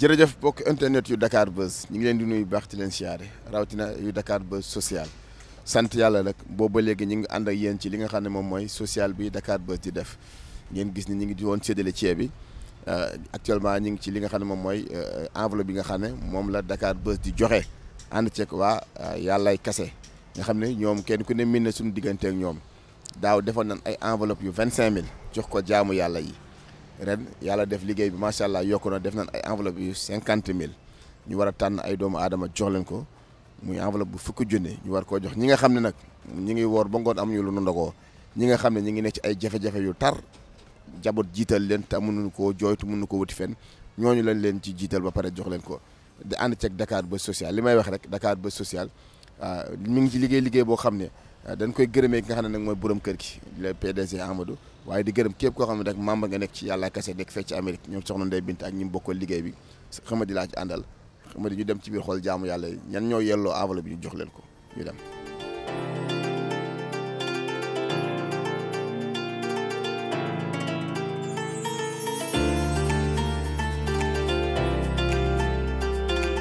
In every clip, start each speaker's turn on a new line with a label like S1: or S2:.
S1: jërëjëf bokk internet yu Dakar Buzz ñu ngi leen di nuyu baax ci leen siyaare rawatina yu Dakar Buzz social sant yàlla nag booba léegi ñu ngi ànd ak yéen ci li nga xam ne moom mooy social bi Dakar Buzz di def ngeen gis ni ñu ngi di woon séddale ceeb bi euh, actuellement ñu ngi ci li nga xam ne moom mooy euh, enveloppe bi nga xam ne moom la Dakar Buzz di joxe ànd ceeg waa yàlla euh, yàllaay kase nga xam ne ñoom kenn ku ne min na suñu diggante ak ñoom daaw defoon nañ ay enveloppe yu vingt cinq mille jox ko jaamu yàlla yi ren yàlla def liggéey bi macha allah yokku na def nañ ay enveloppe yu cinquante mille ñu war a tànn ay doomu aadama jox leen ko muy enveloppe bu fukki junne ñu war koo jox ñi nga xam ne nag ñi ngi woor ba ngoon amuñu lu nu ndogoo ñi nga xam ne ñi ngi nekk ci ay jafe-jafe yu tar jabot jiital leen te mënuñu ko jooytu mun mënuñu ko wuti fen ñooñu lañ leen ci jiital ba pare jox leen ko di ànd ceeg Dakar Buzz Social li may wax rek Dakar Buzz Social ah, mi ngi ci liggéey liggéey boo xam ne ah, dañ koy gërëmee ki nga ne nag mooy borom kër gi le PDG Amadou waaye di gërëm képp koo xam ne rek membre nga nekk ci yàlla kase nekk fekk ci Amérique ñoom soxna Ndeye Bint ak ñi mu bokkal liggéey bi xama di laa ci àndal xama ñu dem ci biir xool jaamu yàlla yi ñan ñoo yelloo enveloppe bi ñu jox leen ko ñu dem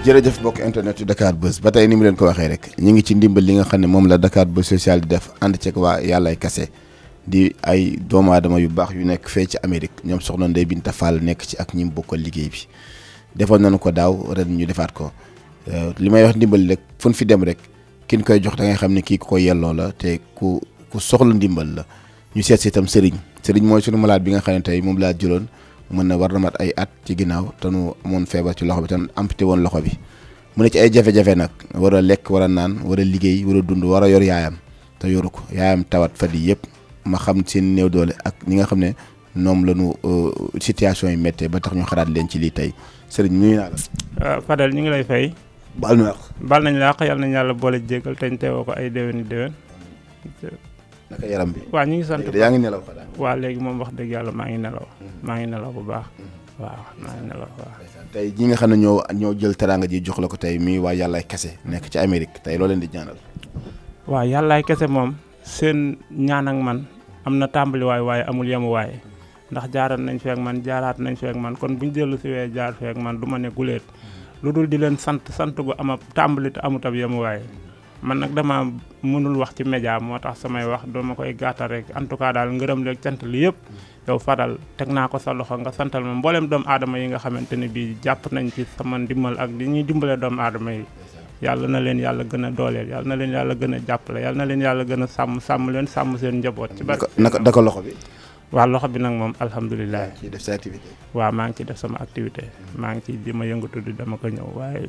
S1: jërëjëf mbokk internet yu Dakar Buzz ba tey ni mu leen ko waxee rek ñu ngi ci ndimbal li nga xam ne moom la Dakar Buzz social di def ànd ceeg waa yàllay kase di ay doomu aadama yu baax yu nekk fee ci Amérique ñoom soxna Ndeye Binta Fall nekk ci ak ñi mu bokkal liggéey bi defoon nañu ko daaw ren ñu defaat ko euh, li may wax ndimbal rek fu ñu fi dem rek kin koy jox da ngay xam ne kii ku ko yelloo la te ku ku soxla ndimbal la ñu seet si itam sëriñ sëriñ mooy suñu malaat bi nga xam ne tey moom laa jëloon mën na war na mat ay at ci ginnaaw te nu amoon feebar ci loxo bi te nu amputé woon loxo bi mu ne ci ay jafe-jafe nag war a lekk war a naan war a liggéey war a dund war a yor yaayam te yoru ko yaayam tawat fat yi yëpp ma xam seen néew doole ak ñi nga xam ne ñoom la ñu euh, situation yi méttee ba tax ñu xalaat leen ci lii tey sëriñ nuyu naa la.
S2: Euh, Fadel ñu ngi lay fay. baal na wax baal nañ la wax yal nañu yàlla boole jégal te ñu teewoo ko ay déwéni déwén.
S1: naka yaram bi waaw ñu ngi sant yaa ngi nelaw
S2: Fadel. waaw léegi moom wax dëgg yàlla maa ngi nelaw. Mm-hmm. maa ngi nelaw bu baax. Mm-hmm. waaw maa ngi nelaw tey ñi
S1: nga xam ne ñoo ñoo jël teraanga ji jox la ko tey mii waa yàllaay kese nekk ci Amérique tey loo leen di ñaanal.
S2: waaw yàllaay kese moom seen ñaan am na tàmbaliwaay waaye amul yemuwaay ndax jaarat nañ feek man jaaraat nañ feek man kon buñ dellu si wee jaar feek man du ma ne guléet lu dul di leen sant sant gu am ab tàmbali te amut ab yemuwaay man nag dama mënul wax ci média moo tax samay wax dama koy gàttal rek en tout cas daal ngërëm leeg cant li yëpp yow Fadal teg naa ko sa loxo nga santal ma mbooleem doomu aadama yi nga xamante ne bii jàpp nañ ci sama ndimbal ak li ñuy dimbale doomu aadama yi yàlla na leen yàlla gën a dooleel yàlla na leen yàlla gën a jàppale yàlla na a sàmm sàmm leen sàmm seen njaboot. ci barke naka naka loxo bi. waaw loxo bi nag moom alhamdulilah. maa ngi ciy def sa activité. waaw maa ngi ciy def sama activité maa ngi ciy di ma yëngatu di dama ko ñëw waaye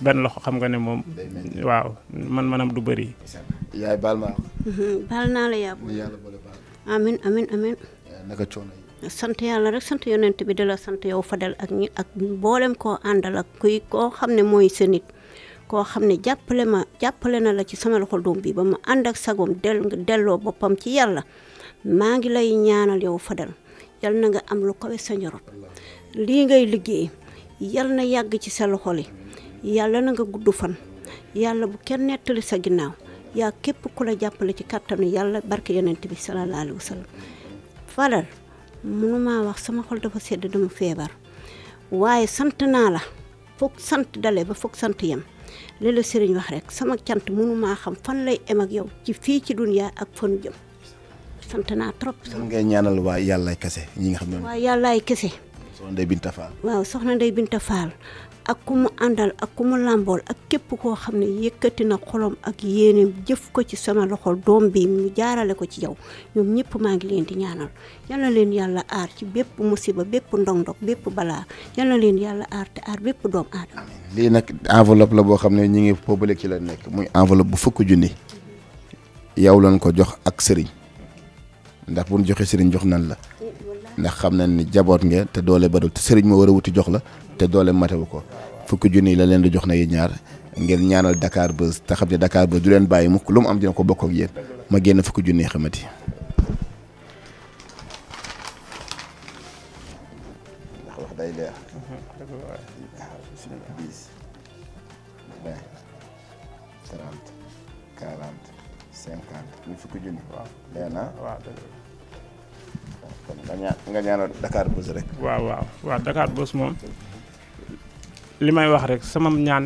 S2: benn loxo xam nga ne moom. waaw man manam du bëri.
S1: yaay ma. Mhm,
S3: baal naa la yàlla. yàlla boole baal. amiin amiin amiin. naka coono sant yàlla rek sant yonent bi di la sant yow Fadel ak ñi ak mboolem koo àndal ak kuy koo xam ne mooy sa nit koo xam ne jàppale ma jàppale na la ci sama loxo doom bii ba mu ànd ak sagoom del delloo boppam ci yàlla maa ngi lay ñaanal yow Fadel yal na nga am lu kawe sa njorot lii ngay liggéey yal na yàgg ci sa loxo li yàlla na nga gudd fan yàlla bu kenn nettali sa ginnaaw yaa képp ku la jàppale ci kàttanu yàlla barke yonent bi salallaahu alayhi wa sallam wax sama xol dafa sedd dama feebar waaye sant naa la foog sant dale ba foog sant yem li la sëriñ wax rek sama cant mënu maa xam fan lay em ak yow ci fii ci duniyaa ak fanu jëm sant naa trop.
S1: lan ngay ñaanal waa yàllaay kese ñi nga xam ne.
S3: waa yàllaay kese.
S1: soxna Ndeye Binta Fall.
S3: waaw soxna Ndeye Binta Fall ak ku mu àndal ak ku mu làmbool ak képp koo xam ne yëkkati na xolom ak yéene jëf ko ci sama loxo doom bi mu jaarale ko ci yow ñoom ñëpp maa ngi leen di ñaanal yal na leen yàlla aar ci bépp musiba bépp ndong-ndong bépp balaa yal na leen yàlla aar te aar bépp doom aadama.
S1: lii nag enveloppe la boo xam ne ñi ngi pobale ci la nekk muy enveloppe bu fukk junni yow lañ ko jox ak sëriñ ndax bu joxe joxee sëriñ jox nan la. ndax xam na ni jaboot ngeen te doole ba te sëriñ moo war a wuti jox la te doole matewu ko fukki junni la leen di jox na yéen ñaar ngeen ñaanal dakaar Buzz te xam ne Dakar Buzz du leen bàyyi mukk lu mu am dina ko bokk ak ma génn fukki junni xamati ndax kon nga ñaan nga ñaanal
S2: waaw waaw waaw Dakar Buzz moom li may wax rek sama ñaan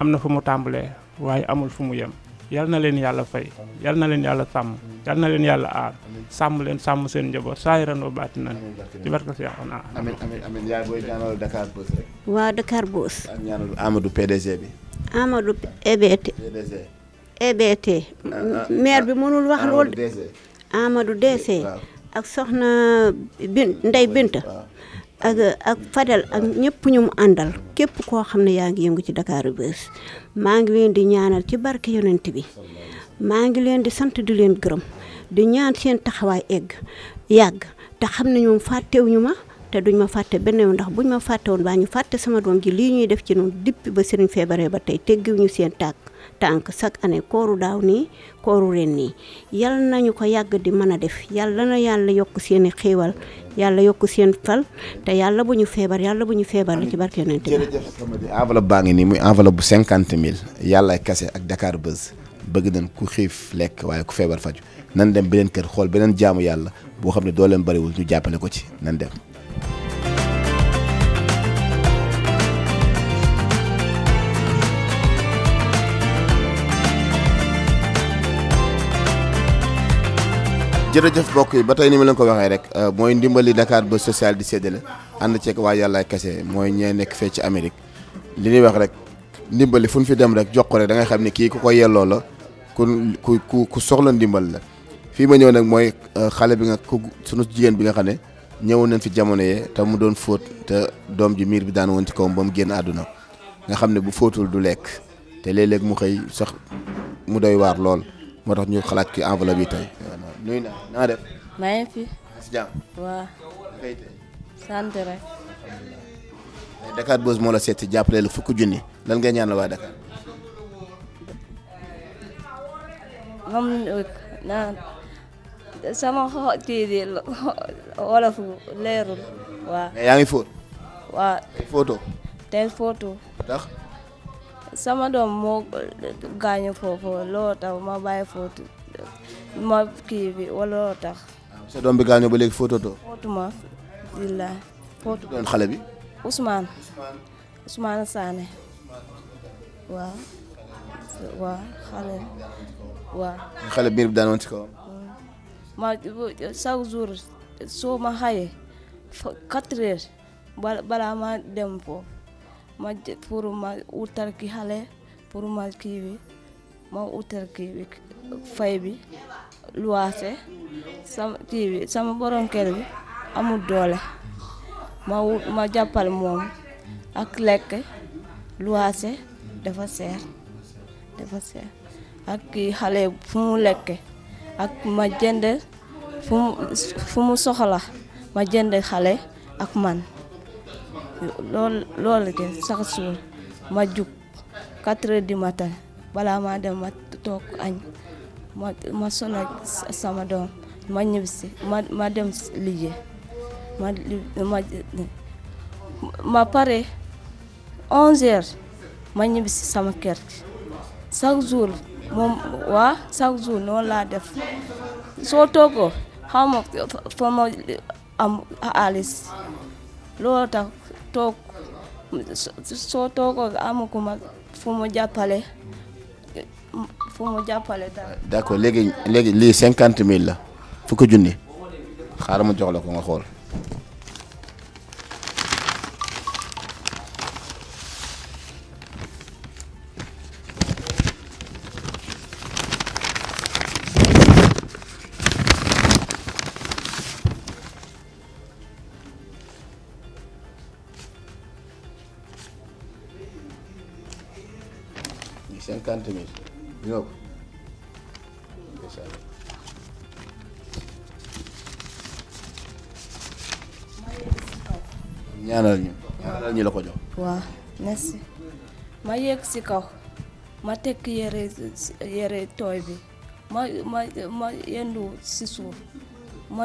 S2: am na fu mu tàmbalee waaye amul fu mu yem. yal na leen yàlla fay yal na leen yàlla sàmm yal na leen yàlla aar sàmm leen sàmm seen njaboot saa yi ranoo baati nañ ci barke si yaxoon ah
S1: amiin
S2: waaw
S3: Dakar Buzz
S1: ak PDG bi
S3: EBT EBT ah, ah, maire bi ah, mënul wax loolu Amadou DC ak soxna bin ndey Binta ah. ak ak Fadel ak ñëpp ñu mu àndal képp koo xam ne yaa ngi yëngu ci dakaaru Buzz maa ngi leen di ñaanal ci barke yonent bi maa ngi leen di sant di leen gërëm di ñaan seen taxawaay egg yàgg te xam ne ñoom fàttewuñu ma te duñ ma fàtte benn yoon ndax buñ ma fàtte baa ñu fàtte sama doom ji lii ñuy def ci noonu dippi ba sëriñ feebaree ba tey teggiwuñu seen tàkk tànk chaque année kooru daaw nii kooru ren nii yal nañu ko yàgg di mën a def yàlla na yàlla yokk seeni xéewal yàlla yokk seen fal te yàlla bu ñu feebar yàlla bu ñu feebar la ci barke yonent jërëjëf
S1: Amady baa ngi nii muy enveloppe bu cinquante mille yàlla kase ak Dakar Buzz bëgg nañ ku xiif lekk waaye ku feebar faju nan dem beneen kër xool beneen jaamu yàlla boo xam ne doo leen bariwul ñu jàppale ko ci nan dem jërëjëf mbokk yi ba tey ni ma leen ko waxee rek euh, mooy ndimbali Dakar ba social di séddale ànd ceeg waa yàllaay kese mooy ñee nekk fee ci Amérique li ñuy wax rek ndimbali fu ñu fi dem rek jox ko rek da nga xam ne kii ku ko yelloo la ku ku ku soxla ndimbali la fii ma ñëw nag mooy euh, xale bi nga ku sunu jigéen bi nga xam ne ñëwoon nañ fi jamono yee te mu doon fóot te doom ji miir bi daan woon ci kawam ba mu génn àdduna nga xam ne bu fóotul du lekk te léeg-léeg mu xëy sax mu doy waar lool. moo tax ñu xalaat ci enveloppe yi tey. nuyu naa naa def. maa fi. sant rek. Eh, Dakar Buzz moo la seet si jàppale la fukk junni lan ngay ñaan la waa Dakar.
S4: moom naan sama xo kii di wolof leerul waaw. mais yaa ngi fóot. waaw. ay photo. tey photo. sama doom moo gaañu foofu looloo tax ma bàyyi footu ma kii bi wala looloo tax. Ah, sa doom bi
S1: gaañoo ba léegi fóotatoo.
S4: fóotuma billaay fóotu doon xale bi. Ousmane Ousmane Sané waaw waaw xale waaw.
S1: xale biir bi daan woon ci hmm.
S4: ma chaque jour soo ma xëyee quatre heures balaa ma dem foofu. ma pour ma utal ki xale pour ma kii bi ma utal kii bi fay bi luwaase sama kii bi sama borom bi amul doole ma ma jàppal moom ak lekk luwaase dafa seer dafa seer ak kii xale fu mu lekk ak ma jënd fu mu soxla ma jënd xale ak man loolu loolu de sax ma jug quatre di du matin balaa maa dem ma toog añ ma ma sama doom ma ñëw ma dem liggéey ma pare onze heures ma ñëw si sama ker chaque jour moom waa chaque jour noonu laa def soo tooko xaw ma fa ma am xaalis toog soo toogoo amaguma fu mu jàppale fu mu jàppale
S1: daal. d'accord léegi léegi lii cinquante mille la fukki junni xaaral ma jox ko nga xool. ñaanal ñu ñaanal ñu la ko jox.
S4: waaw merci ma yéeg ci kaw ma tekk yére yére tooy bi ma ma ma yendu si suuf ma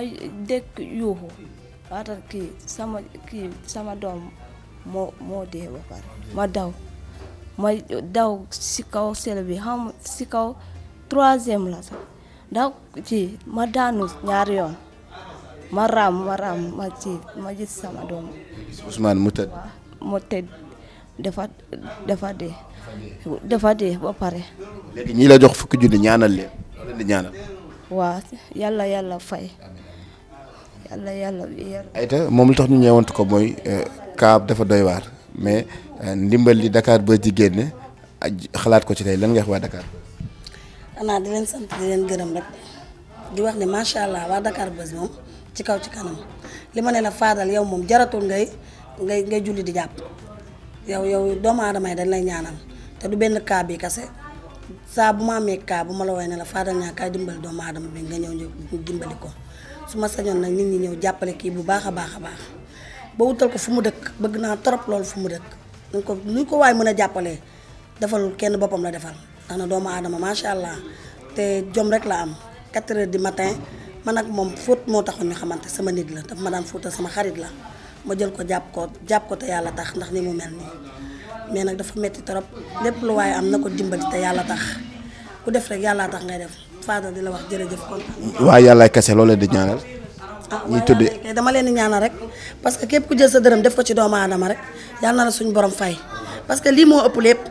S4: dëkk yuuxu waatal kii sama kii sama doom moo moo dee ba pare ma daw ma daw si kaw sel bi xam si kaw troisième la sax daw ci ma daanu ñaari yoon. ma raam ma raam ma ci ma gis sama doom. Ousmane mu tëdd. mu tëdd dafa dafa dee. dafa dee ba pare.
S1: léegi ñi la jox fukki junni ñaanal leen leen di
S4: waa yàlla yàlla fay yàlla yàlla. ayta
S1: moom li tax ñu ñëwant ko mooy eh, kaab dafa doy waar mais eh, ndimbal li Dakar ba ci génne xalaat ko ci tey lan nga waa Dakar.
S5: xanaa di leen sant waa Dakar Buzz moom. ci kaw ci kanam li ma ne la faadal yow moom jaratul ngay ngay ngay julli di jàpp yow yow doomu aadama yi dañ lay ñaanal te du benn kaa bi kase saa bu ma amee cas bu ma la woy ne la faadal ñaa kaay dimbali doomu aadama bi nga ñëw ñëw dimbali ko su ma sañoon nag nit ñi ñëw jàppale kii bu baax a baax a baax ba wutal ko fu mu dëkk bëgg naa trop loolu fu mu dëkk nu ko nu ko waay mën a jàppale defalul kenn boppam la defal ndax doomu aadama macha allah te jom rek la am 4 heures du man ak moom fóot moo taxoon ñu xamante sama nit la daf ma daan fóotal sama xarit la ma jël ko jàpp ko jàpp ko te yàlla tax ndax ni mu mel nii mais nag dafa metti trop lépp lu waaye am na ko dimbali te yàlla tax ku def rek yàlla tax ngay def Fadal di la wax jërëjëf kon.
S1: waaw yàllaay kese loolee di ñaanal. Ah, ñu tuddee
S5: dama leen di ñaanal rek parce que képp ku jël sa dërëm def ko ci doomu aadama rek yàlla na la suñu borom fay parce que lii moo ëpp lépp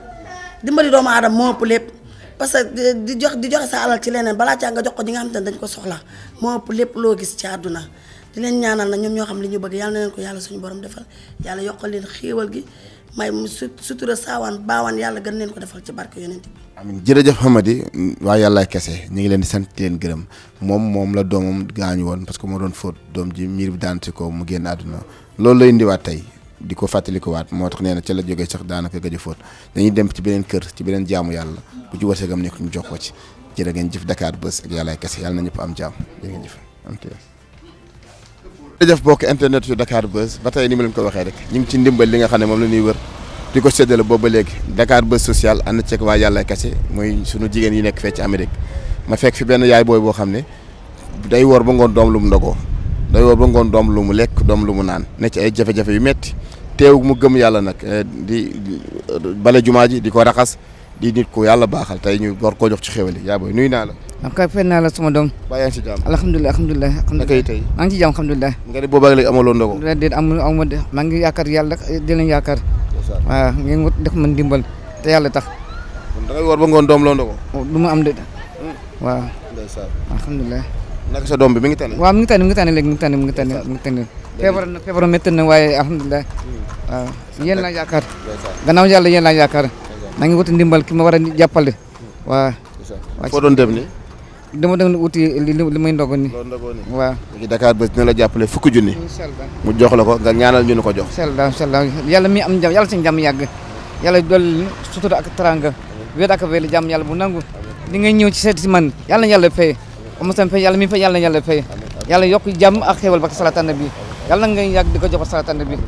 S5: dimbali doomu aadama moo ëpp lépp. parce que di jox di joxe sa alal ci leneen balaa caa nga jox ko ñi nga xam dañ ko soxla moo ëpp lépp loo gis ci àdduna di leen ñaanal na ñoom ñoo xam li ñu bëgg yàlla na leen ko yàlla suñu borom defal yàlla yokkal leen xéewal gi may sutura saawaan baawaan yàlla gën leen ko defal ci barke yonent bi
S1: amin jërëjëf xamadi waa yàlla kese ñu ngi leen di sant leen gërëm moom moom la doomam gaañu woon parce que moo doon fóot doom ji miir bi daante ko mu génn àdduna la indiwaat tey di ko fàttalikuwaat moo tax nee na ca la jógee sax daanaka gëj a dañuy dem ci beneen kër ci beneen jaamu yàlla bu ci wërsëgam nekk ñu jox ko ci jërë ngeen jëf Dakar Buzz ak yàllaay kese yàlla na ñëpp am jaam jërë bokk internet yu Dakar Buzz ba tey ni mu leen ko waxee rek ñu ngi ci ndimbal li nga xam ne moom la ñuy wër di ko séddale boobu ba léegi dakaar Buzz social am ànd ceeg waa yàllaay kase mooy sunu jigéen yi nekk fee ci Amérique ma fekk fi benn yaay booy boo xam ne day wor ba ngoon doom lu mu ndogoo day woo ba ngoon doom lu mu lekk doom lu mu naan ne ci ay jafe-jafe yu metti teew mu gëm yàlla nag eh, di bale jumaa ji di ko raxas di nit ku yàlla baaxal tey ñu war koo jox ci xéwal yi yaa booy nuyu naa la.
S6: waaw kay fay naa la suma doom. baa yaa ngi ci jàmm alhamdulilah alhamdulilah. naka yi tey maa ngi ci jàmm alhamdulilah.
S1: nga ne boobaa léegi amaloon na ko.
S6: déedéet amul amul de maa yàlla di leen yaakaar. waaw ngeen wut def man dimbal te yàlla tax. kon da ba ngoon doom loon na ko. Oh, du ma am de. Hmm. waaw. ndeysaan naka sa ngi tane. waaw ngi tane mi ngi tane léegi ngi tane mi ngi tane mi ngi tane. feebar na feebar métti na waaye alhamdulilah. Hmm. waaw yéen laa yaakaar. gannaaw yàlla yéen laa yaakaar. maa ngi wuti ndimbal ki ma war a jàppale. Hmm. waaw. doon dem ni dama doon wuti li li may ndogo nii. waaw.
S1: léegi Dakar ba dina la jàppale fukki junni. incha allah mu jox la ko nga ñaanal ñu ko jox.
S6: incha allah incha allah yàlla mi am jàmm yàlla seen jàmm yàgg. yàlla dolli sutura ak teranga. wéet ak wéel jàmm yàlla bu nangu. li ngay ñëw seet si man yàlla yàlla fay mosen fay yàlla mi fay yàlla na yàlla fay yàlla yokk jàmm ak xéwal bak salaat annabi yàlla na ngay yàgg di ko jox salaat annabi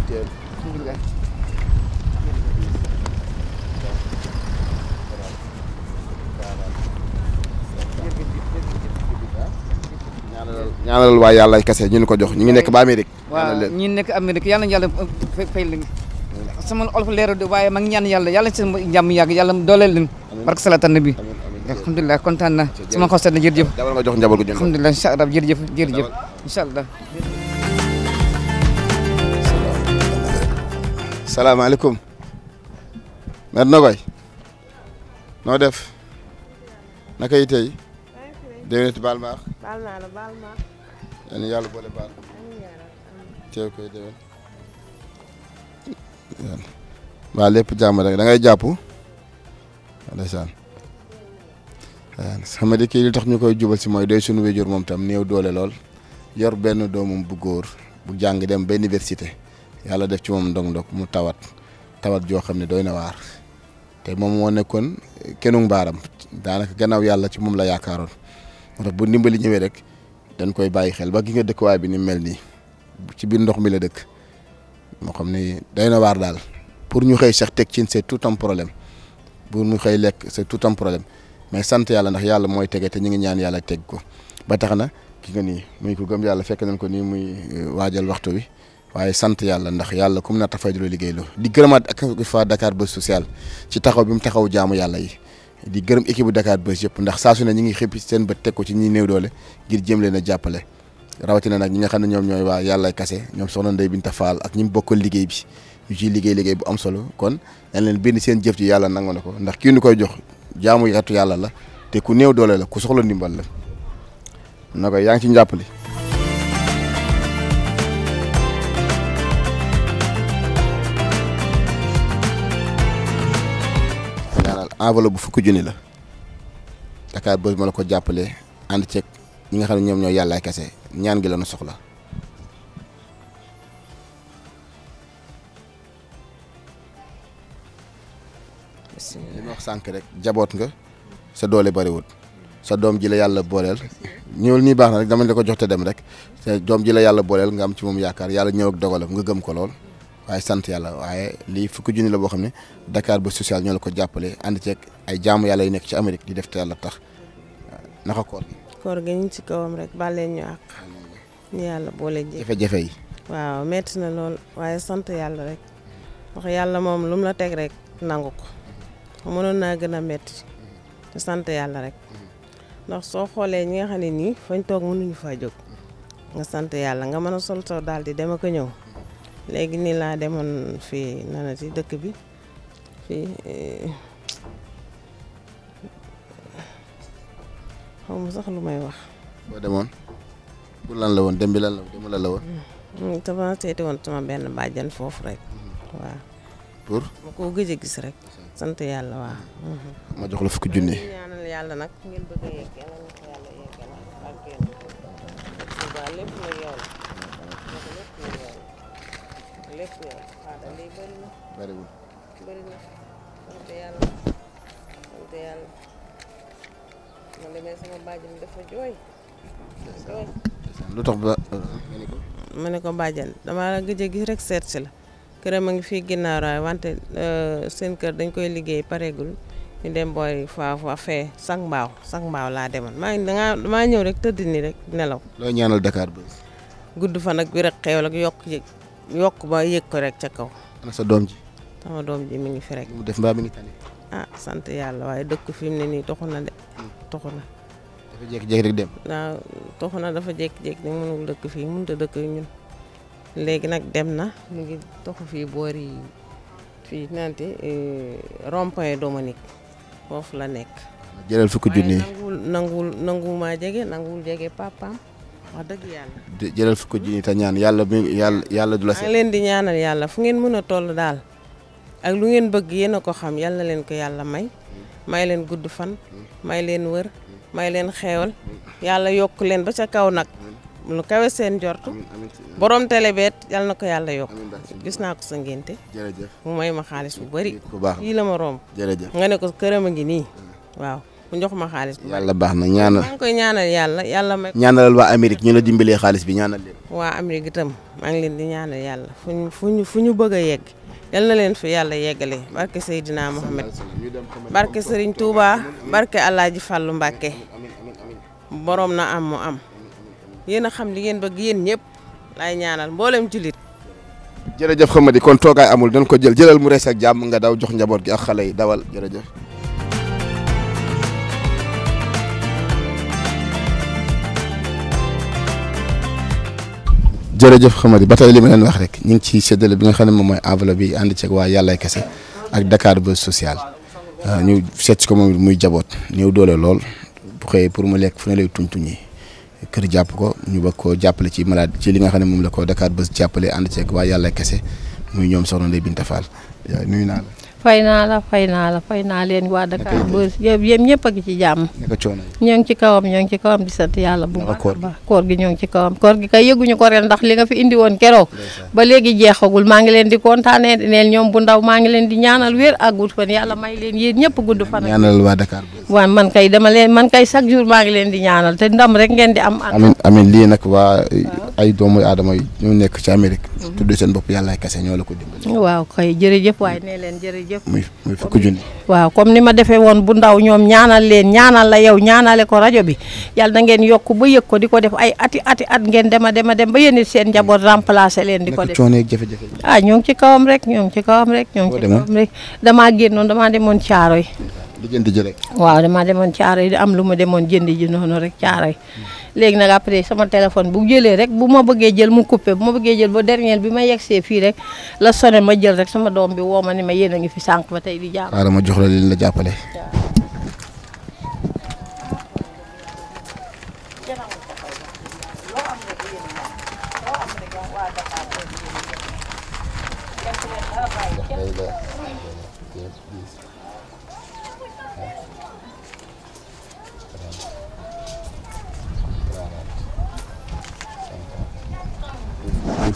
S1: ñaanal waa yàlla kese ñu ko jox ñu ngi nekk
S6: ba Amérique waaw ñi nekk Amérique yàlla na yàlla fay leen sama olof leeru de waaye ma ngi ñaan yàlla yàlla seen jàmm yàgg yàlla dooleel leen barke salaat annabi alhamdulilah kontaan na sama xol sedd na jërëjëf dama nga jox njaboot gu jënd alhamdulilah incha allah jërëjëf jërëjëf incha allah
S1: salaamaaleykum mer Nogaye noo def naka yi tey déwénati baal maax
S7: baal naa la baal maax
S1: koy déwén waaw lépp jàmm rek da ngay jàpp ndeysaan waaw xam nga kii li tax ñu koy jubal si mooy doy suñu wéjur moom tam néew doole lool yor benn doomam bu góor bu jàng dem ba université yàlla def ci moom ndog-ndog mu tawat tawat joo xam ne doy na waar te moom moo nekkoon kennu mbaaram daanaka gannaaw yàlla ci moom la yaakaaroon moo bu ndimbali ñëwee rek dañ koy bàyyi xel ba gi nga dëkkuwaay bi ni mel nii ci biir ndox mi la dëkk moo xam ne doy na waar daal pour ñu xëy sax teg ci c'est tout un problème pour ñu xëy lekk c'est tout un problème. mais sant yàlla ndax yàlla mooy tege te ñu ngi ñaan yàlla teg ko ba tax na ki nga nii muy ko gëm yàlla fekk nañ ko nii muy euh, waajal waxtu wi waaye sant yàlla ndax yàlla kum na tafay du la liggéeyloo di gërëmaat ak fa Dakar Buzz social ci taxaw bi mu taxaw jaamu yàlla yi di gërëm équipe bu Dakar Buzz yëpp ndax saasu su ne ñi ngi xëpp seen bët teg ko ci ñu néew doole ngir jéem leen a jàppale rawatina nag ñi nga xam ne ñoom ñooy waa yàllay kase ñoom soxna Ndeye Binta Fall ak ñi mu bokkal bi ñu liggéey liggéey bu am solo kon leen bind seen jëf yàlla nangu na ko ndax kii ñu koy jox jaamu yatu yàlla la te ku néew doole la ku soxla ndimbal la na ko yaa ngi ci njàppali ñaanal enveloppe bu fukki junni la Dakar Buzz ma la ko jàppale ànd ceeg ñi nga xam ne ñoom ñoo yàllaay kese ñaan gi la nu soxla wax sànq rek jaboot nga sa doole bariwut sa doom ji la yàlla booleel ñëwul nii baax na rek dama la ko jox te sa doom la yàlla booleel nga am ci moom yaakaar yàlla ñëw ak dogalam nga gëm ko lool waaye sant yàlla waaye lii fukki junni la boo xam ne Dakar ba social ñoo ko jàppale ànd ceeg ay jaamu yàlla yu nekk ci Amérique di def te yàlla tax naka koor
S7: gi. ci kawam rek bàllee ñu àq. ñu yàlla boole ji jafe-jafe na lool waaye sant yàlla rek wax yàlla moom lu la teg rek nangu ko. mënoon naa gën a metti sant yàlla rek ndax soo xoolee ñi nga xam ne nii fañ toog mënuñu faa jóg nga sant yàlla nga mën a sol soo daal di dem ko ñëw léegi nii laa demoon fi nana si dëkk bi fii eh, xaw sax lu may wax. boo demoon
S1: bu lan la woon dem la dem lan la
S7: mm, seeti woon sama benn bàjjan foofu rek. Mm-hmm. waaw. pour ma ko gëj gis rek. sant yàlla waaw. ma jox la fukki junni. yàlla nag ngeen bëgg yàlla na ko yàlla yeggal ak yéen. lépp nag yow lépp nag yow lépp la waaw da ngay yàlla lu tax ba. ma ne ko bàjjen damaa la gëj rek seet si la. këram a ngi fii ginnaaw raay wante euh, seen kër dañ koy liggéey pareegul ñu dem booy fa fa fee sang mbaaw sang mbaaw laa demal maa ngi dangaa maa ñëw rek tëdd nii rek nelaw.
S1: loo ñaanal Dakar Buzz.
S7: gudd fa nag bi rek yokk yëg yokk ba yëg ko rek ca kaw. ana sa doom ji. sama doom ji mi ngi fi rek. mu def mbaa mi ngi tane. ah sant yàlla waaye dëkk fi mu ne nii toxu na de. toxu na. dafa jékki-jékki rek dem. waaw na dafa jékki dëkk fii mënut a dëkk ñun. léegi nag dem na mu ngi toxu fii boori fii nanti eh, rond-point Dominique foofu la nekk.
S1: jëlal fukki junni yi
S7: nanguwul nanguwul nanguwul jege nanguwul jege papaam wax dëgg yàlla.
S1: jëlal fukki junni te ñaan yàlla du la. leen
S7: di ñaanal yàlla fu ngeen mën a toll daal ak lu ngeen bëgg yéen a ko xam yàlla leen ko yàlla may may leen gudd fan may leen wër may leen xeewal yàlla yokk leen ba ca kaw nag. lu kawe seen jort borom télé beet yal na ko yàlla yokk gis naa ko sa ngénte jërëjëf mu may ma xaalis bu bëri yii la ma romb jërëjëf nga ne ko këram a ngi nii ah. waaw mu jox ma xaalis bu baax na ñaanal maa koy ñaanal yàlla yàlla may
S1: ñaanalal waa Amérique ñu la dimbalee xaalis bi ñaanal leen
S7: waa Amérique itam maa leen di ñaanal yàlla fu ñu fu ñu fu ñu bëgg a yegg yal na leen fi yàlla yeggale barke Seydina Mohamed barke Serigne Touba barke Alaaji Fàllu Mbàkke borom na am mu am yéen a xam li ngeen bëgg yéen ñëpp laay ñaanal mboolem jullit. jërëjëf Xamadi kon toogaay
S1: amul dañ ko jël jëlal mu rees ak jàmm nga daw jox njaboot gi ak xale dawal jërëjëf. jërëjëf Xamadi ba tey li ma leen wax rek ñu ngi ciy séddale bi nga xam ne moom mooy enveloppe bi ànd ceeg waa yàllaay kese ak Dakar Buzz social ah, ñu seet si ko moom muy jaboot néew doole lool bu xëyee pour mu lekk fu ne lay tuñ tuñee kër jàpp ko ñu bëgg koo jàppale ci malade ci li nga xam ne moom la ko Dakar Buzz jàppale ànd ceeg waa yàlla kese muy ñoom soxna Ndeye Binta Fall nuyu naa la.
S8: fay naa la fay naa la fay naa leen waa Dakar Buzz yëpp yéen ñëpp a ngi ci jàmm ñoo ngi ci kawam ñoo ngi ci kawam di sant yàlla bu
S9: baax
S8: gi ñoo ci kawam koor gi kay yëguñu ko ren ndax li fi indi woon keroog ba jeexagul maa leen di kontaanee neel ñoom bu ndaw maa ngi leen di ñaanal wér ak gudd fan yàlla may leen yéen ñëpp gudd fan
S1: ñaanal waa Dakar
S8: Buzz waaw man kay dama leen man kay chaque jour maa ngi leen di ñaanal te dam rek ngeen di am amin
S1: amin lii nag waa ay doomu aadama yi ñoo nekk ci Amérique tudd seen bopp yàlla kese ñoo la ko jëf muy muy
S8: waaw comme ni ma defee woon bu ndaw ñoom ñaanal leen ñaanal la yow ñaanale ko rajo bi yàlla na ngeen yokk ba yëg ko di ko def ay ati ati at ngeen dema dema dem ba yéen seen njaboot remplacer leen. di ko def coono jafe ah, ñoo ngi ci kawam rek ñoo ngi ci kawam rek. ñoo ngi ci kawam rek damaa génnoon damaa demoon caaro yi. di jënd ji rek. waaw dama demoon caaro yi di am lu ma demoon jënd ji noonu rek caaro yi léegi nag après sama téléphone bu jëlee rek bu ma bëggee jël mu coupé bu ma bëggee jël ba dernier bi ma yegsee fii rek la sonné ma jël rek sama doom bi woo ma ni ma yéen a ngi fi sànq ba tey di jàpp.
S1: waaw ma jox la li la jàppale.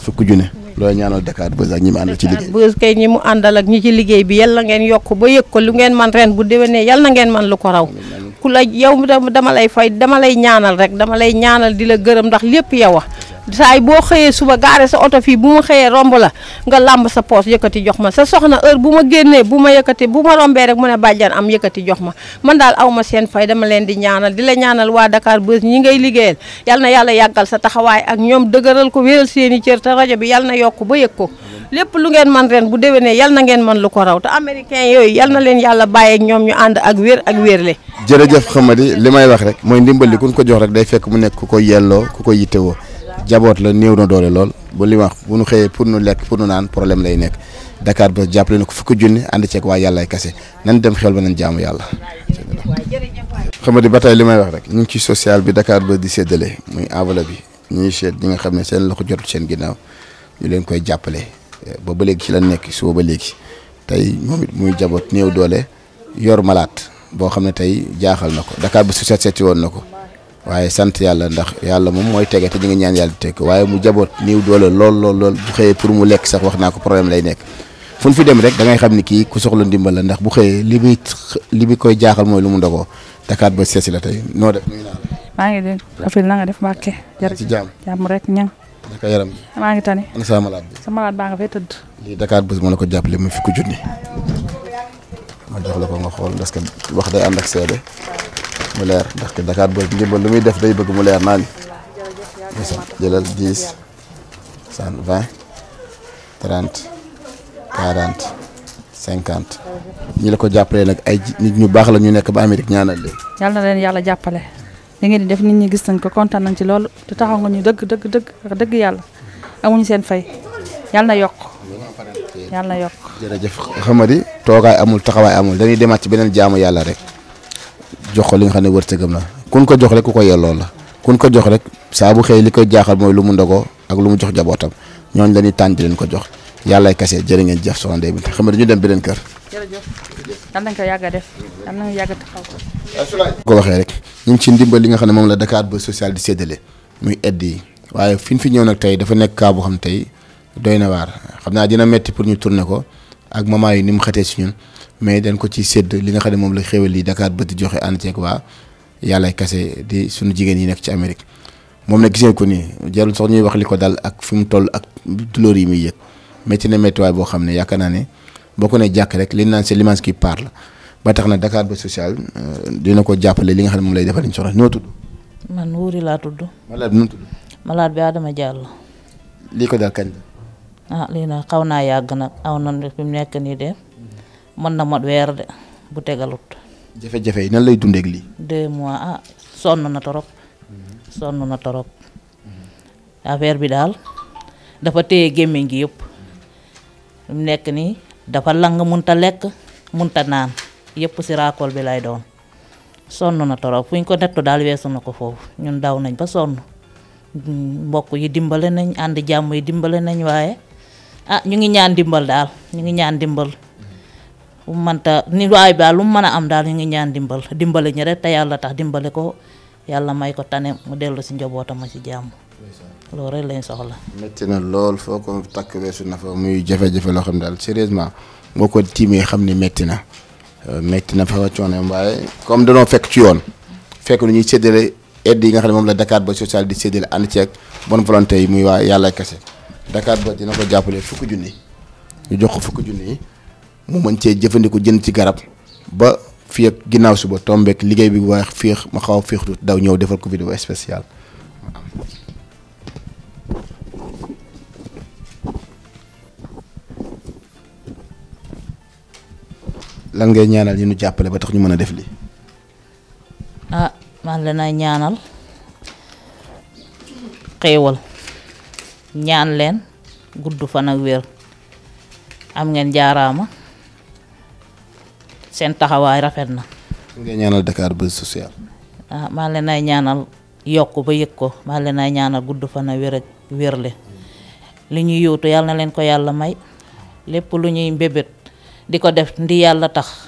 S1: fukki junne looy ñaanal Dakar Buzz ak ñi
S8: mu àndal liggéey ak ñi ci liggéey bi yal na ngeen yokk ba yëg ko lu ngeen man ren bu déwénee yal na ngeen man lu ko raw ku la yow dama lay fay dama lay ñaanal rek dama lay ñaanal di la gërëm ndax lépp yow a saay boo xëyee suba gaare sa oto fii bu ma xëyee romb la nga làmb sa poos yëkkati jox ma sa soxna heure bu ma génnee bu ma yëkkati bu ma rombee rek mu ne bàjjan am yëkkati jox ma man daal aw ma seen fay dama leen di ñaanal di la ñaanal waa dakaar Buzz ñi ngay liggéeyal yal na yàlla yàggal sa taxawaay ak ñoom dëgëral ko wéral seen i cër te rajo bi yal na yokk ba yëg ko lépp lu ngeen man ren bu déwénee yal na ngeen man lu ko raw te américain yooyu yal na leen yàlla bàyyeeg ñoom ñu ànd ak wér ak wérle
S1: jërëjëf xamadi li may wax rek mooy ndimbali ku ko jox rek day fekk mu nekk ku ko yelloo ku ko yittewoo jaboot la néew na doole lool ba li wax bu nu xëyee pour nu lekk pour nu naan problème lay nekk Dakar ba jàppale na ko fukk junni ànd ceeg waa yàllaay kase nan dem xel ba nañ jaamu yàlla. xam nga ba tey li may wax rek ñu ngi ci social bi Dakar ba di séddale muy enveloppe bi ñuy seet ñi nga xam ne seen loxo jotul seen ginnaaw ñu leen koy jàppale ba ba léegi ci la nekk suba ba léegi tey moom it muy jaboot néew doole yor malaat boo xam ne tey jaaxal na ko dakaar ba su seet seeti woon na ko. waaye sant yàlla ndax yàlla moom mooy tege te ñu ngi ñaan yàlla di teg waaye mu jaboot niw doole lool lool lool bu xëyee pour mu lekk sax wax naa ko problème lay nekk fu fi dem rek dangay xam ni kii ku soxla ndimbal la ndax bu xëyee li muy li muy koy jaaxal mooy lu mu ndogoo Dakar ba si la tey noo def nuyu naa la.
S10: maa ngi def Mbàkke. jërëjëf ci jàmm jàmm rek ñaŋ.
S1: naka yaram maa ngi tane. ana sa malade bi
S10: sa malade baa nga fay tëdd.
S1: lii Dakar bés ma la ko jàppale ma fi ko junni ma jox la ko nga xool parce que wax day ànd ak seede mu leer ndax ki Dakar Buzz ndimbal lu muy def day bëgg mu leer naa ni jëlal 10 cent 20 30 40 50 ñi la ko jàppalee nag ay nit ñu baax la ñu nekk ba Amérique ñaanal leen.
S10: yàlla na leen yàlla jàppale li ngeen di def nit ñi gis nañ ko kontaan nañ ci loolu te taxaw nga ñu dëgg dëgg dëgg dëgg yàlla amuñ seen fay yàlla na yokk yàlla na yokk.
S1: jërëjëf xamadi toogaay amul taxawaay amul dañuy demaat ci beneen jaamu yàlla rek. jox ko li nga xam ne wërsëgam la kun ko jox rek ku ko yelloo la kun ko jox rek saa bu xëy li koy jaaxal mooy lu mu ndogoo ak lu mu jox jabootam ñooñ lañuy ñuy di leen ko jox yàllaay kase jërë ngeen jëf soxna Ndeye Binta xam nga dañu dem beneen kër.
S10: jërëjëf a def lan
S1: lañ rek ñu ci ndimbal li nga xam ne moom la Dakar ba social di séddale muy aide yi waaye fi fi ñëw nag tey dafa nekk cas boo xam tey doy na waar xam naa dina metti pour ñu tourner ko ak moment yi ni mu xatee si ñun mais dañ ko ci sédd li nga xam ne moom la xéwal yi Dakar ba di joxe ànd ceeg waa yàllay kase di suñu jigéen yi nekk ci Amérique moom nag gisee ko nii jarul sax ñuy wax li ko dal ak fi mu toll ak douleur yi muy yëg métti na méttiwaay boo xam ne yaakaar naa ne boo ne jàkk rek li naan c'est l'image qui parle ba tax na Dakar ba social euh, dina ko jàppale li nga xam ne moom lay defal ñu soxla noo tudd.
S10: man wuuri laa tudd.
S1: lii ko dal kañ la.
S10: ah lii nag xaw naa yàgg nag aw nañ fi nekk nii de mën na mat weer de bu tegalut.
S1: jafe-jafe yi nan lay dundee ak lii.
S10: deux mois ah sonn na torop sonn na torop affaire bi daal dafa téye gémmiñ gi yëpp mu nekk nii dafa lang munta lekk munta naan yëpp si raakool bi lay doon sonn na torop fu ñu ko nettu daal weesu na ko foofu ñun daw nañ ba sonn mbokk yi dimbale nañ ànd jàmm yi dimbale nañ waaye ah ñu ngi ñaan dimbal daal ñu ngi ñaan dimbal. bu manta ni waay ba lu mu mën a am daal ñu ngi ñaan dimbal dimbali ñu rek te yàlla tax dimbali ko yàlla may ko tane mu dellu si njabootam ma ci jàmm loolu rek lañ soxla.
S1: métti na lool foo ko takk weesu muy jafe loo xam ne daal sérieusement boo ko tiimee xam ne métti na euh, métti na fa coono waaye comme danoo fekk ci yoon fekk lu ñuy séddale aide yi nga xam ne moom la Dakar ba social di séddale ànd ceeg bonne volonté yi muy waa yàlla kese Dakar ba dina ko jàppale fukki junni ñu jox ko fukki junni yi. mu mën cee jëfandikoo jënd ci garab ba fii ak ginnaaw suba tombeek liggéey bi wax fiix ma xaw a fiix tuuti daw ñëw defal ko vidéo spéciale lan ngeen ñaanal ñu nu jàppale ba tax ñu mën a def li
S10: ah man la ñaanal xéewal ñaan leen gudd fan ak wér am ngeen jaaraama seen taxawaay rafet na.
S1: ngay ñaanal Dakar Buzz social.
S10: ah maa leen ay ñaanal yokk ba yëg ko maa leen ay ñaanal gudd fan a wér ak wérle li ñuy yóotu yàlla na leen ko yàlla may lépp lu ñuy mbébét di ko def ndi yàlla tax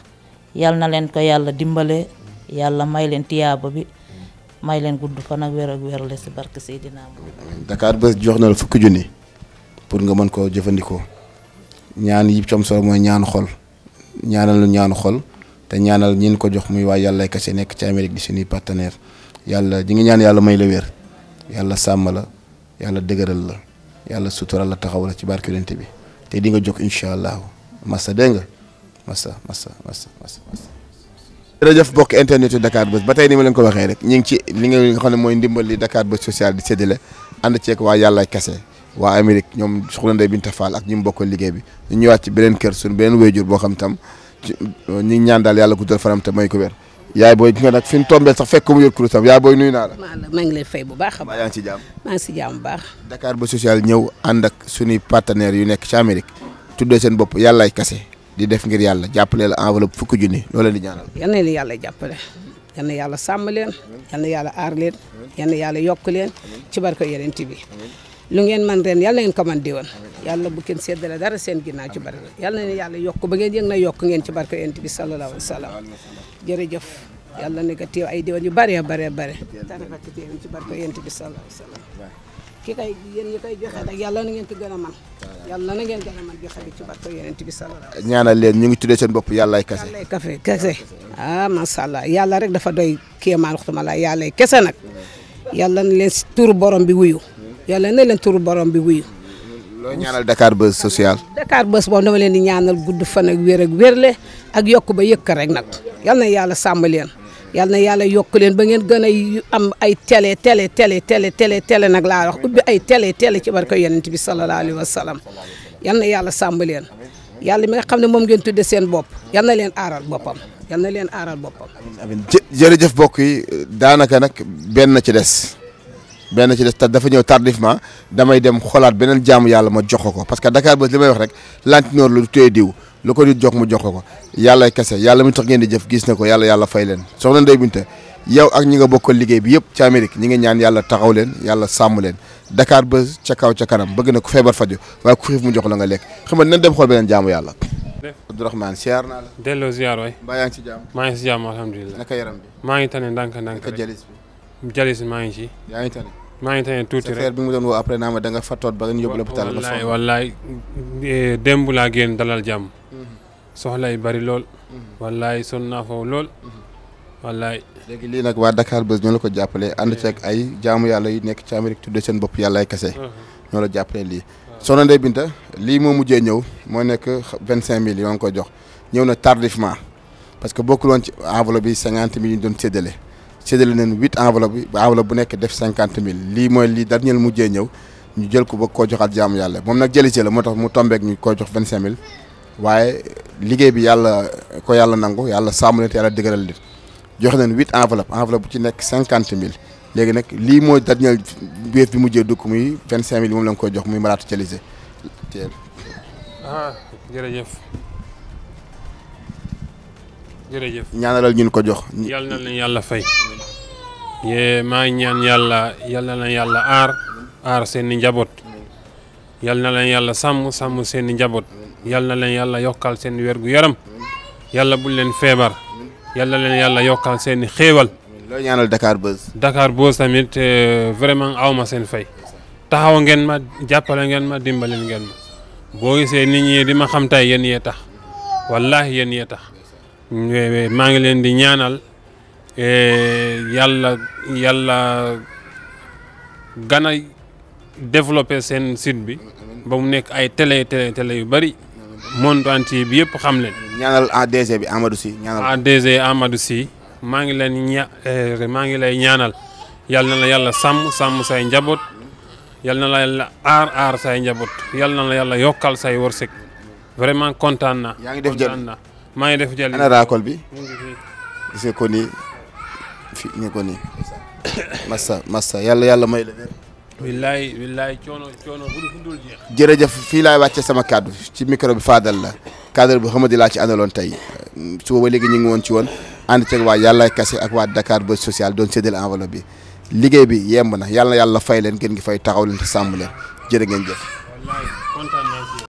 S10: yàlla na leen ko yàlla dimbale yàlla may leen tiyaaba bi may leen gudd fan ak wér ak wérle si barke Seydina
S1: Dakar Buzz jox na la fukki junni pour nga mën koo jëfandikoo ñaan yi com solo mooy ñaan xol. ñaanal lu ñaanu xol te ñaanal ñin ko jox muy waa yàlla kese nekk ci Amérique di suñuy partenaire yàlla di ngi ñaan yàlla may la wér yàlla sàmm la yàlla dëgëral la yàlla sutural la taxaw la ci barke bi te di nga jóg incha allahu massa dégg nga massa massa massa massa jërëjëf bokk internet yu Dakar Buzz ba tey ni ma leen ko waxee rek ñu ngi ci li nga xam ne mooy ndimbal li Dakar Buzz social di séddale ànd ceeg waa yàllaay kese waa Amérique ñoom soxna Ndeye Binta Fall ak ñi mu bokkoon liggéey bi ñu ñëwaat ci beneen kër suñu beneen wéyjur boo xam tam ci euh, ñi ñaan daal yàlla guddal fanam te may ko yaay booy ki nga nag fi mu tombee sax fekk mu yor kuréel tam yaay booy nuyu naa la.
S9: maa bu baax a baax. maa ngi ci jàmm maa ngi ci jàmm bu baax.
S1: Dakar ba social ñëw ànd ak suñuy partenaires yu nekk ci Amérique tuddee seen bopp yàllaay kase di def ngir yàlla jàppale la enveloppe fukki junni loo di ñaanal.
S9: yal na yàlla yàlla sàmm leen yàlla aar leen yàlla yokk leen ci barke yonent bi lu ngeen man ren yàlla ngeen ko man di woon yàlla bu kenn seddale dara seen ginnaaw ci barke yàlla na yàlla yokk ba ngeen yëg na yokk ngeen ci barke yonent bi sallallahu alayhi wa sallam jërëjëf yàlla ne ko teew ay diwan yu bëree bare bare tarafati teew ci barke yonent bi sallallahu alayhi wa sallam ki kay yéen ñi koy joxe nag yàlla na ngeen ko gën a man yàlla na ngeen gën a man joxe bi ci barke yonent bi sallallahu
S1: alayhi wa sallam ñaanal leen ñu ngi tuddee seen bopp yàllaay kase yàllaay
S9: kafe kase ah macha allah yàlla rek dafa doy kéemaan waxtuma la yàllaay kese nag yàlla na leen si tur borom bi wuyu yalla na leen turu borom bi wuyu.
S1: loo ñaanal dakaar Buzz social.
S9: Dakar Buzz boobu dama leen di ñaanal gudd fan ak wér ak wérle ak yokk ba yëkk rek nag yal na yàlla sàmm leen yal na yàlla yokk leen ba ngeen gën a am ay télé télé télé télé télé télé nag laa ubbi ay télé télé ci barke yonent bi sallallahu alayhi wa sallam yal na yàlla sàmm leen yàlla mi nga xam ne moom ngeen tudde seen bopp yal na leen aaral boppam yal na leen aaral boppam.
S1: amiin jërëjëf mbokk yi daanaka nag benn ci des. benn ci des ta dafa ñëw tardivement damay dem xolaat beneen jaamu yàlla ma jox ko parce que Dakar Buzz li may wax rek lantinoor lu téye diw lu ko di jox mu jox ko yàlla kese yàlla mi tax ngeen di jëf gis na ko yàlla yàlla fay leen soxna Ndeye Binta yow ak ñi nga bokkal liggéey bi yëpp ci Amérique ñi ngi ñaan yàlla taxaw leen yàlla sàmm leen Dakar Buzz ca kaw ca kanam bëgg na ku feebar faj waaye ku xiif mu jox la nga lekk xam na nañ dem xool beneen jaamu yàlla
S11: Abdourahmane siyaar naa la delloo maa ngi ci jàmm jalis maa ngi ci.
S1: yaa ngi tane maa ngi tane tuuti rek bi mu doon woo après naa ma da nga fattoot ba ngeen yóbbu
S11: eh, laa génn dalal jàmm. Mhm. soxla yi bari lool. Mhm. wallaay sonn naa foofu lool. Mhm. wallaay léegi lii nag
S1: waa dakaar Buzz ñoo la ko jàppale ànd eh. ceeg ay jaamu yàlla yi nekk ci Amérique tuddee seen bopp yàllaay kese. Uh-huh. ñoo la jàppale lii. Uh-huh. na Ndeye Binta lii moo mujjee ñëw moo nekk vingt cinq mille yoo ngi ko jox ñëw na tardivement parce que bokkul woon ci enveloppe bi cinquante mille ñu doon séddale. séddale neen huit enveloppe bi enveloppe bu nekk def cinquante mille lii mooy lii dernier mujjee ñëw ñu jël ko ba koo joxaat jaamu yàlla moom nag jëli si la moo tax mu tombeek ñu koo jox vingt cinq mille waaye liggéey bi yàlla ko yàlla nangu yàlla sàmm leen te yàlla dëgëral leen jox neen huit enveloppe enveloppe bu ci nekk cinquante mille léegi nag lii mooy dernier béef bi mujjee dugg muy vingt cinq mille moom la nga koy jox muy malaatu jëli si
S11: jërëjëf ñaanalal ñun ko jox. yal na leen yàlla fay. maa ñaan yàlla yal na leen yàlla aar aar seen njaboot. yal na leen yàlla sàmm sàmm seen njaboot. yal na yàlla yokkal seen wér yaram. yàlla bul leen feebar. yal na leen yàlla yokkal seen i xéewal. looy ñaanal Dakar Buzz. Dakar Buzz tamit eh, vraiment awma seen fay. taxaw ngeen ma jàppale ngeen ma dimbale ngeen ma. boo gisee nit ñi di ma xam tey yéen yee tax. wallaahi yéen yee Eh, maa ngi leen di ñaanal eh, yàlla yàlla gana développé seen site bi ba mu nekk ay télé télé télé yu bëri monde entier bi yëpp xam leen.
S1: ñaanal ADG bi Amadou Sy ñaanal.
S11: ADG Amadou Sy maa ngi leen ña eh, maa ngi lay ñaanal yal na la yàlla sàmm sàmm say njaboot yalla na la yàlla aar aar say njaboot yal na la yàlla yokkal say wërsëg vraiment kontaan yaa ngi def jërëjëf na. maa ngi def jàll ana raakol bi.
S1: gis nga nii fi nga ko nii. massa yàlla yàlla may la wér.
S11: willaay willaay coono coono
S1: bu fii laay wàcce sama kàddu ci micro bi Fadal la cadre bu xamadi laa ci àndaloon tey suba ba léegi ñu ngi woon ci woon ànd ceeg waa yàlla kase ak waa dakaar ba Social doon séddale enveloppe bi liggéey bi yemb na yàlla yàlla fay leen gën gi fay taxaw leen te sàmm leen jërë ngeen jëf.